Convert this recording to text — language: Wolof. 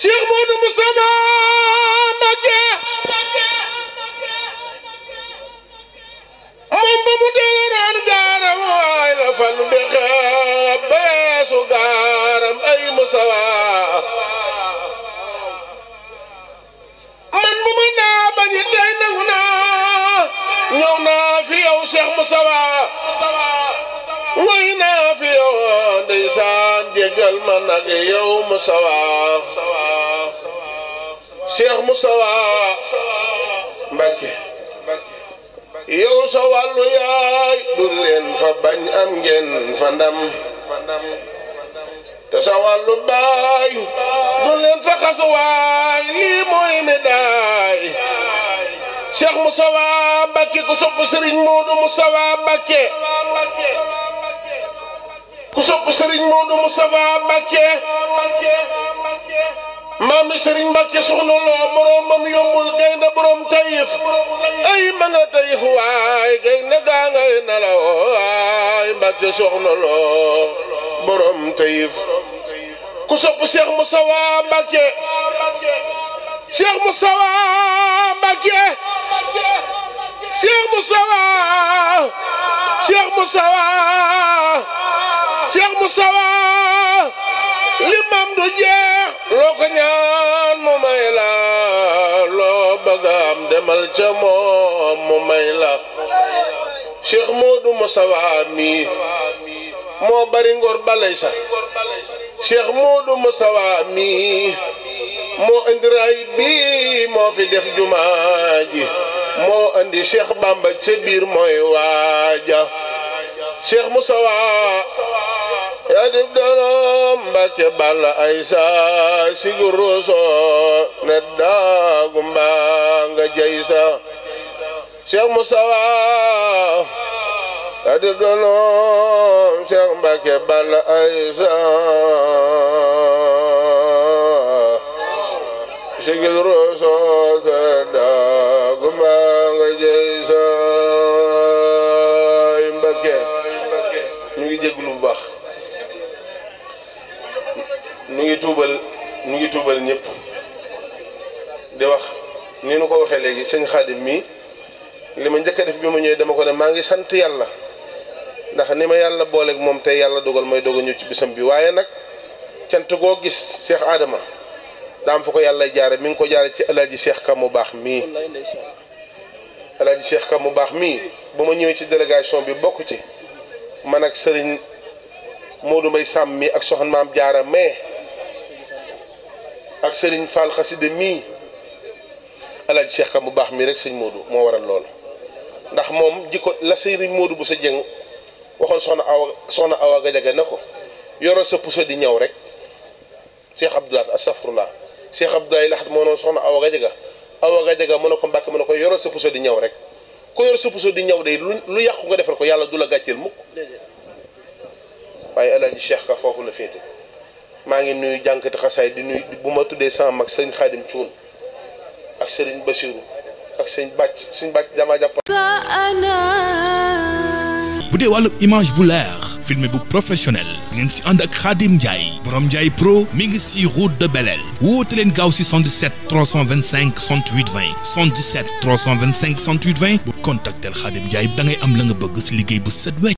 Cheikh Modou Moustapha Mbacké moom ba mu dee naan gaaram waay la falu dexe beesu gaaram ay Moustapha man bu ma naa bañ a tey nangu naa ñëw naa fi yow Cheikh Moustapha way naa fi yow ndeysaan jégal ma nag yow Moustapha Cheikh Moustapha Mbacké yow sa walu yaay dul len fa bañ am ngeen fa ndam te sa wàllu baay du leen fa xasuwaay lii mooy médaay Cheikh Moustapha Mbacké ku sopp serigne modou Moustapha Mbacké ku sopp serigne modou Moustapha Mbacké serigne mbacke soxna lo morom mom yombul gayna borom tayef ay ma nga tayef way gayna ga ngay nalaw ay mbacke soxna lo borom tayef ku sopp Cheikh Moussa wa mbacke Cheikh Moussa wa mbacke Cheikh Moussa wa Cheikh Moussa wa Cheikh Moussa wa limam du jeex loo ñaan demal ca moom mu may la Cheikh Modou Moustapha mi moo bari ngor balay sa Cheikh Modou Moustapha mi moo indi ray bi moo fi def jumaa moo indi Cheikh Bamba ca biir mooy waaja Cheikh Moustapha yaa dib dorom bace balla aysa siguruso nedda gumba nga jaysa cheikh musawa adi dono cheikh mbake balla aysa siguruso nedda gumba nga jaysa mbake ñu ngi jéglu bu baax tuubal ñu ngi tuubal ñëpp di wax ni nu ko waxee léegi sëñ xaadim mii li ma njëkk a def bi ma ñëwee dama ko ne maa ngi sant yàlla ndax ni ma yàlla booleeg moom tey yàlla dogal mooy doog a ñëw ci bisam bi waaye nag cant koo gis seex aadama daam fa ko yàlla jaare mi ngi ko jaare ci alaaji seex ka mu baax mii alaaji seex ka mu baax mii ba ma ñëwee ci délégation bi bokk ci man ak sëriñ Modou Mbaye Sam mi ak soxna maam jaara mais ak Serigne Fall xaside mii alaaji Cheikh Ka bu baax mii rek sëñ Modou moo waral loolu ndax moom jikko la Serigne Modou bu sa jëng waxoon soxna awa soxna awa gajaga na ko yoroo sa puso di ñëw rek Cheikh Abdoulaye astafurlah Cheikh Abdoulaye Lahat moo noonu soxna awa gajaga awa gajaga mu ne ko mbàkk mu ne ko yoroo sa puso di ñëw rek ku yor di ñëw day lu yàqu nga defal ko yàlla du la gàcceel mukk waaye alaaji Cheikh Ka foofu la féete maa ngi nuyu jànkati xasaay di nuyu bu ma tuddee sama mag sëriñ xaadim cuun ak sëriñ basiru ak sëñ bàcc sëñ bàcc dama jàpp bu dee wàllu image bu leer filmé bu professionnel ngeen si ànd ak Khadim Ndiaye borom Ndiaye pro mi ngi si route de Belel woote leen gaaw si 77 325 68 20 77 325 68 20 bu contactel Khadim Ndiaye da am la nga bëgg si liggéey bu set wecc